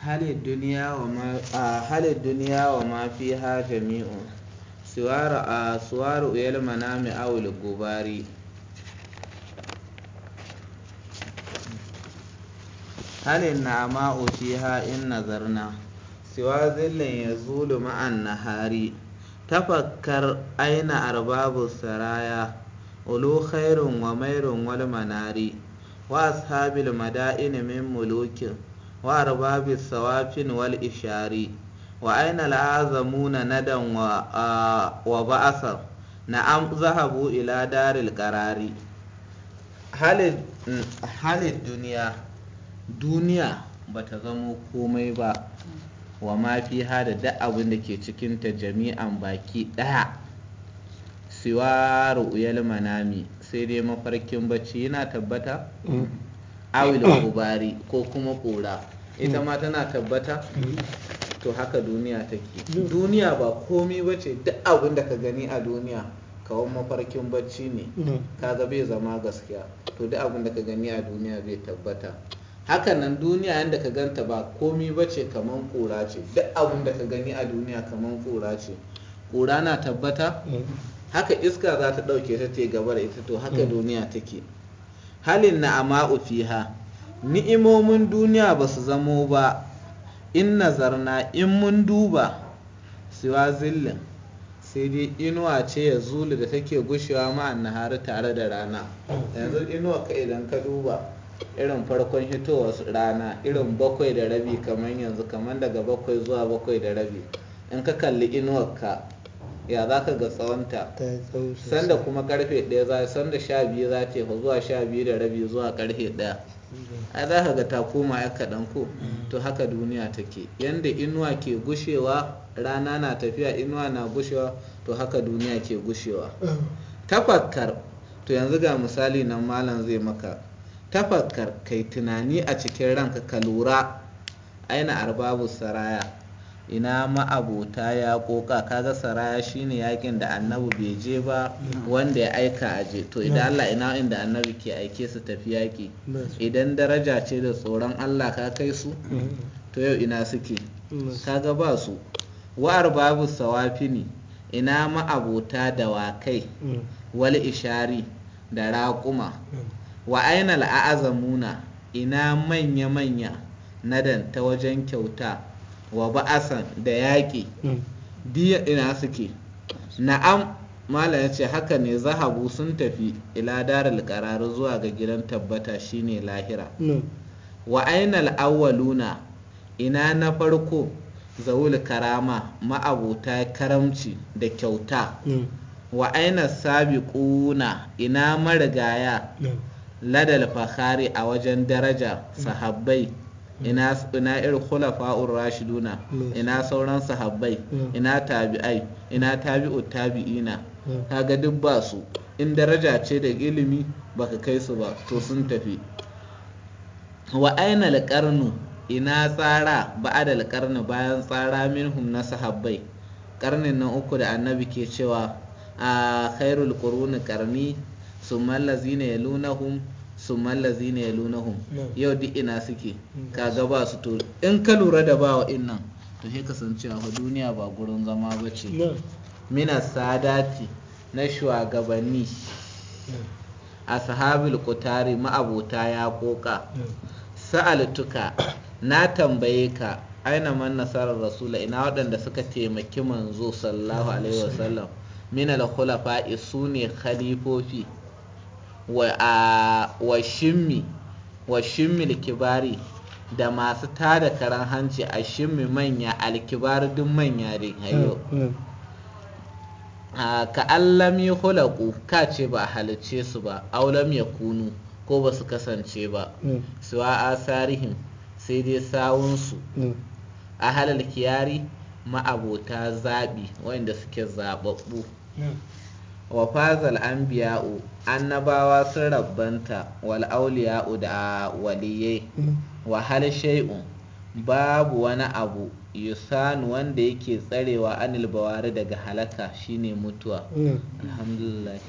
halin duniya wa ma fi haka mi'u tsawar uyal mana mai awul halin na ma ofi ha in nazarna tsawar zillin ya zulu ma'an na hari tafakar aina arbabu saraya ulu khairun wa mairun wal manari wa ashabil mada'in min mulukin wa arbabi sawafin wal ishari wa aina al'azamuna nadan wa wa ba'asar na'am zahabu ila daril qarari halin mm, duniya duniya bata zamo komai ba wa mafi hada da abin da ke cikin ta jami'an baki ɗaya siwa ru'uyal manami sai dai mafarkin bacci yana tabbata mm. awil gubari hmm. ko kuma kura ita hmm. ma tana tabbata hmm. to haka duniya take duniya ba komi ba ce duk abin da ka gani a duniya kawon mafarkin bacci ne ka bai zama gaskiya to duk abin da ka gani a duniya bai tabbata hakanan duniya yadda ka ganta ba komi bace ce kaman ƙura ce duk abin da ka gani a duniya kamar ƙura ce ƙura na tabbata haka iska za ta ɗauke ta te gaba da ita to haka duniya take halin na ama'u fiha ni'imomin duniya ba su zamo ba in nazarna in mun duba siwa zillin sai dai inuwa ce ya zulu da take gushewa ma'an nahari tare da rana yanzu inuwa ka idan ka duba irin farkon hitowar rana irin bakwai da rabi kamar yanzu kamar daga bakwai zuwa bakwai da rabi in ka kalli inuwa ka. ya za ka ga tsawonta sanda kuma karfe ɗaya za sanda sha biyu za ce yi zuwa sha biyu da rabi zuwa karfe ɗaya a za ka ga ta koma ya kaɗan ko mm. to haka duniya take yanda inuwa ke gushewa rana na tafiya inuwa na gushewa to haka duniya ke gushewa tafakkar to yanzu ga misali nan malam zai maka tafakkar kai tunani a cikin ranka ka lura aina arbabu saraya ina ma'abota ya ƙoƙa kaga saraya shine yaƙin da annabi bai je ba wanda ya aika a je to idan Allah ina inda annabi ke aike su tafi yaƙi idan daraja ce da tsoron Allah ka kai su to yau ina suke kaga ba su wa'ar babu sawafi ne ina ma'abota da wakai wal ishari da raƙuma wa ainal a'azamuna ina manya-manya nadan ta wajen kyauta wa ba'asan da yaƙi biya hmm. ina suke na'am ya ce haka ne zahabu sun tafi ila darar qarar zuwa ga gidan tabbata shine lahira hmm. wa ainal awwaluna ina na farko zawul karama ma'abota karamci da kyauta hmm. wa aina sabiquna ina marigaya ladal fakhari a wajen daraja sahabbai ina ina irin khulafa'ur rashiduna mm. ina sauran sahabbai mm. ina tabi'ai ina tabi'ut tabi'ina mm. kaga duk ba su in daraja ce da ilimi baka kai su ba to sun tafi wa aina alqarnu ina tsara da alqarnu bayan tsara minhum na sahabbai karnin na uku da annabi ke cewa a khairul quruni qarni summa allazina yalunahum summan lazina ya lunahum yau duk ina suke kaga ba su to in ka lura da bawa in nan to he kasancewa san duniya ba gurin zama ba ce mina sadati na shugabanni a ashabil kutari ma'abota ya koka sa'altuka na tambaye ka aina man nasarar rasula ina waɗanda suka taimaki manzo sallallahu alaihi wasallam min al-khulafa'i sune khalifofi wa shimmi likibari da masu tada karan hanci a shimmi manya alkibar duk manya din hayo hmm, hmm. ka allam ya hulaku ka ce ba halicce su ba aulam ya kunu ko ba su kasance ba hmm. suwa a sarihin sai dai sawunsu a halal kiyari ma'abota zaɓi wanda suke zaɓaɓɓu wa fazal anbiya'u annabawa sun rabbanta wal auliya'u da waliyai mm. wa hal shay'u babu wani abu yusanu wanda yake tsarewa anil bawari daga halaka shine mutuwa mm. alhamdulillah